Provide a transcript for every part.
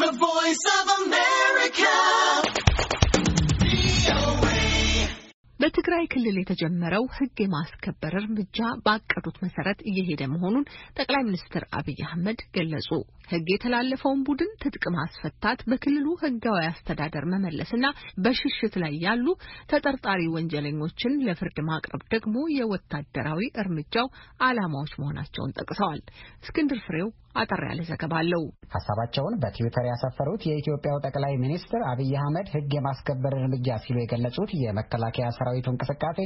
The Voice of America. በትግራይ ክልል የተጀመረው ሕግ የማስከበር እርምጃ ባቀዱት መሰረት እየሄደ መሆኑን ጠቅላይ ሚኒስትር አብይ አህመድ ገለጹ። ሕግ የተላለፈውን ቡድን ትጥቅ ማስፈታት፣ በክልሉ ሕጋዊ አስተዳደር መመለስና በሽሽት ላይ ያሉ ተጠርጣሪ ወንጀለኞችን ለፍርድ ማቅረብ ደግሞ የወታደራዊ እርምጃው ዓላማዎች መሆናቸውን ጠቅሰዋል። እስክንድር ፍሬው አጠር ያለ ዘገባ አለው። ሀሳባቸውን በትዊተር ያሰፈሩት የኢትዮጵያው ጠቅላይ ሚኒስትር አብይ አህመድ ህግ የማስከበር እርምጃ ሲሉ የገለጹት የመከላከያ ሰራዊቱ እንቅስቃሴ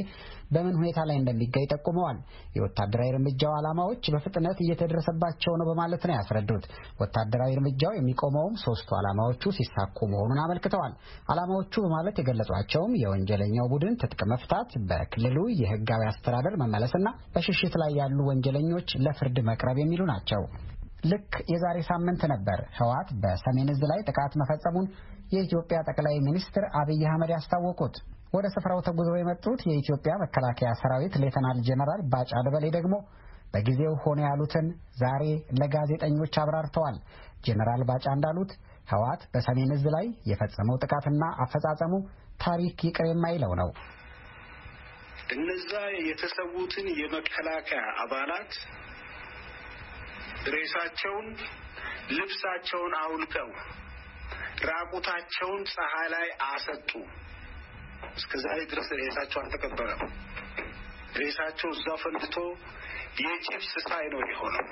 በምን ሁኔታ ላይ እንደሚገኝ ጠቁመዋል። የወታደራዊ እርምጃው ዓላማዎች በፍጥነት እየተደረሰባቸው ነው በማለት ነው ያስረዱት። ወታደራዊ እርምጃው የሚቆመውም ሶስቱ ዓላማዎቹ ሲሳኩ መሆኑን አመልክተዋል። ዓላማዎቹ በማለት የገለጿቸውም የወንጀለኛው ቡድን ትጥቅ መፍታት፣ በክልሉ የህጋዊ አስተዳደር መመለስና በሽሽት ላይ ያሉ ወንጀለኞች ለፍርድ መቅረብ የሚሉ ናቸው። ልክ የዛሬ ሳምንት ነበር ህወሓት በሰሜን እዝ ላይ ጥቃት መፈጸሙን የኢትዮጵያ ጠቅላይ ሚኒስትር አብይ አህመድ ያስታወቁት። ወደ ስፍራው ተጉዘው የመጡት የኢትዮጵያ መከላከያ ሰራዊት ሌተናል ጄኔራል ባጫ ደበሌ ደግሞ በጊዜው ሆነ ያሉትን ዛሬ ለጋዜጠኞች አብራርተዋል። ጄኔራል ባጫ እንዳሉት ህወሓት በሰሜን እዝ ላይ የፈጸመው ጥቃትና አፈጻጸሙ ታሪክ ይቅር የማይለው ነው። እነዛ የተሰዉትን የመከላከያ አባላት ሬሳቸውን ልብሳቸውን አውልቀው ራቁታቸውን ፀሐይ ላይ አሰጡ። እስከ ዛሬ ድረስ ሬሳቸው አልተቀበረም። ሬሳቸው እዛ ፈንድቶ የጭፍስ ስሳይ ነው የሆነው።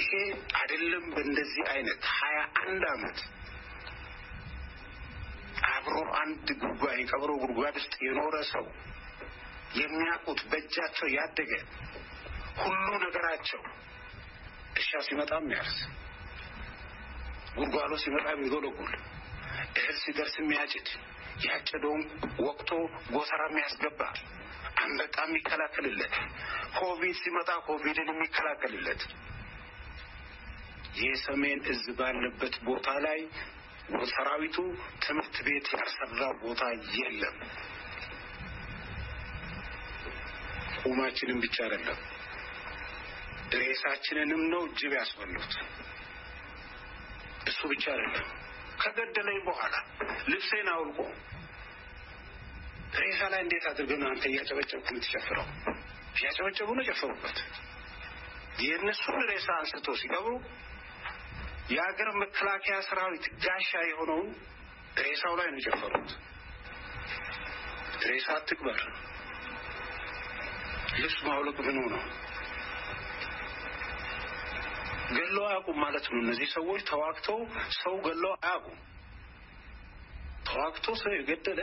ይሄ አይደለም። በእንደዚህ አይነት ሀያ አንድ አመት አብሮ አንድ ጉባኤ ቀብሮ ጉድጓድ ውስጥ የኖረ ሰው የሚያውቁት በእጃቸው ያደገ ሁሉ ናቸው። እርሻ ሲመጣ የሚያርስ፣ ጉርጓሎ ሲመጣ የሚጎለጉል፣ እህል ሲደርስ የሚያጭድ፣ ያጨደውን ወቅቶ ጎተራ የሚያስገባ፣ አንበጣ የሚከላከልለት፣ ኮቪድ ሲመጣ ኮቪድን የሚከላከልለት የሰሜን እዝ ባለበት ቦታ ላይ ሰራዊቱ ትምህርት ቤት ያልሰራ ቦታ የለም። ቁማችንም ብቻ አይደለም ሬሳችንንም ነው ጅብ ያስበሉት። እሱ ብቻ አይደለም፣ ከገደለኝ በኋላ ልብሴን አውልቆ ሬሳ ላይ እንዴት አድርገን አንተ እያጨበጨብኩ የምትጨፍረው? እያጨበጨቡ ነው ጨፈሩበት። የእነሱን ሬሳ አንስቶ ሲቀብሩ የሀገር መከላከያ ሰራዊት ጋሻ የሆነውን ሬሳው ላይ ነው የጨፈሩት። ሬሳ አትቅበር። ልብስ ማውለቅ ምኑ ነው ገለው አያውቁም ማለት ነው። እነዚህ ሰዎች ተዋግተው ሰው ገለው አያውቁም። ተዋግቶ ሰው የገደለ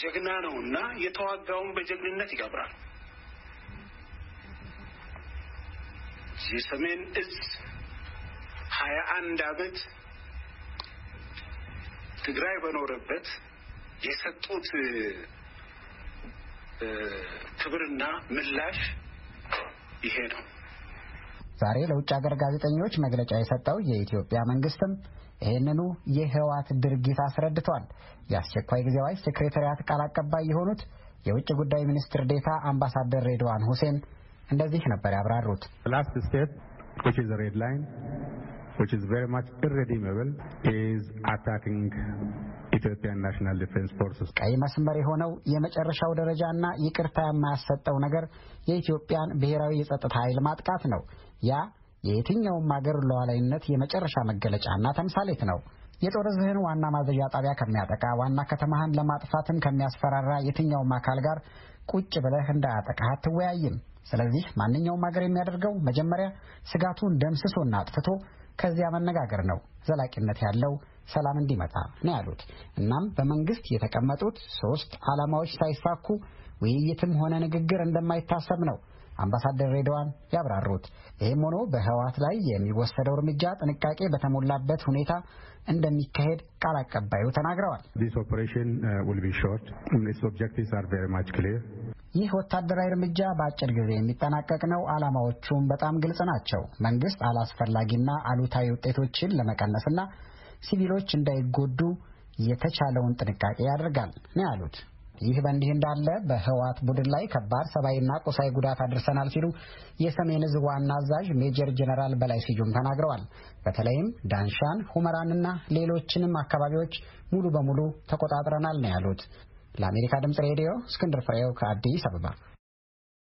ጀግና ነው እና የተዋጋውን በጀግንነት ይቀብራል። የሰሜን እዝ ሀያ አንድ አመት ትግራይ በኖረበት የሰጡት ክብርና ምላሽ ይሄ ነው። ዛሬ ለውጭ ሀገር ጋዜጠኞች መግለጫ የሰጠው የኢትዮጵያ መንግስትም ይህንኑ የህወሓት ድርጊት አስረድቷል። የአስቸኳይ ጊዜ አዋጅ ሴክሬታሪያት ቃል አቀባይ የሆኑት የውጭ ጉዳይ ሚኒስትር ዴታ አምባሳደር ሬድዋን ሁሴን እንደዚህ ነበር ያብራሩት። ላስት ስቴፕ which is a የኢትዮጵያን ናሽናል ዲፌንስ ፎርስ ቀይ መስመር የሆነው የመጨረሻው ደረጃና ይቅርታ የማያሰጠው ነገር የኢትዮጵያን ብሔራዊ የጸጥታ ኃይል ማጥቃት ነው። ያ የየትኛውም አገር ሉዓላዊነት የመጨረሻ መገለጫና ተምሳሌት ነው። የጦር ዝህን ዋና ማዘዣ ጣቢያ ከሚያጠቃ ዋና ከተማህን ለማጥፋትም ከሚያስፈራራ የትኛውም አካል ጋር ቁጭ ብለህ እንዳያጠቃህ አትወያይም። ስለዚህ ማንኛውም አገር የሚያደርገው መጀመሪያ ስጋቱን ደምስሶና አጥፍቶ ከዚያ መነጋገር ነው ዘላቂነት ያለው ሰላም እንዲመጣ ነው ያሉት። እናም በመንግስት የተቀመጡት ሶስት ዓላማዎች ሳይሳኩ ውይይትም ሆነ ንግግር እንደማይታሰብ ነው አምባሳደር ሬድዋን ያብራሩት። ይህም ሆኖ በህወሓት ላይ የሚወሰደው እርምጃ ጥንቃቄ በተሞላበት ሁኔታ እንደሚካሄድ ቃል አቀባዩ ተናግረዋል። uh, ይህ ወታደራዊ እርምጃ በአጭር ጊዜ የሚጠናቀቅ ነው። ዓላማዎቹም በጣም ግልጽ ናቸው። መንግስት አላስፈላጊና አሉታዊ ውጤቶችን ለመቀነስና ሲቪሎች እንዳይጎዱ የተቻለውን ጥንቃቄ ያደርጋል ነው ያሉት። ይህ በእንዲህ እንዳለ በህወሓት ቡድን ላይ ከባድ ሰብአዊና ቁሳዊ ጉዳት አድርሰናል ሲሉ የሰሜን እዝ ዋና አዛዥ ሜጀር ጀነራል በላይ ስዩም ተናግረዋል። በተለይም ዳንሻን፣ ሁመራንና ሌሎችንም አካባቢዎች ሙሉ በሙሉ ተቆጣጥረናል ነው ያሉት። ለአሜሪካ ድምፅ ሬዲዮ እስክንድር ፍሬው ከአዲስ አበባ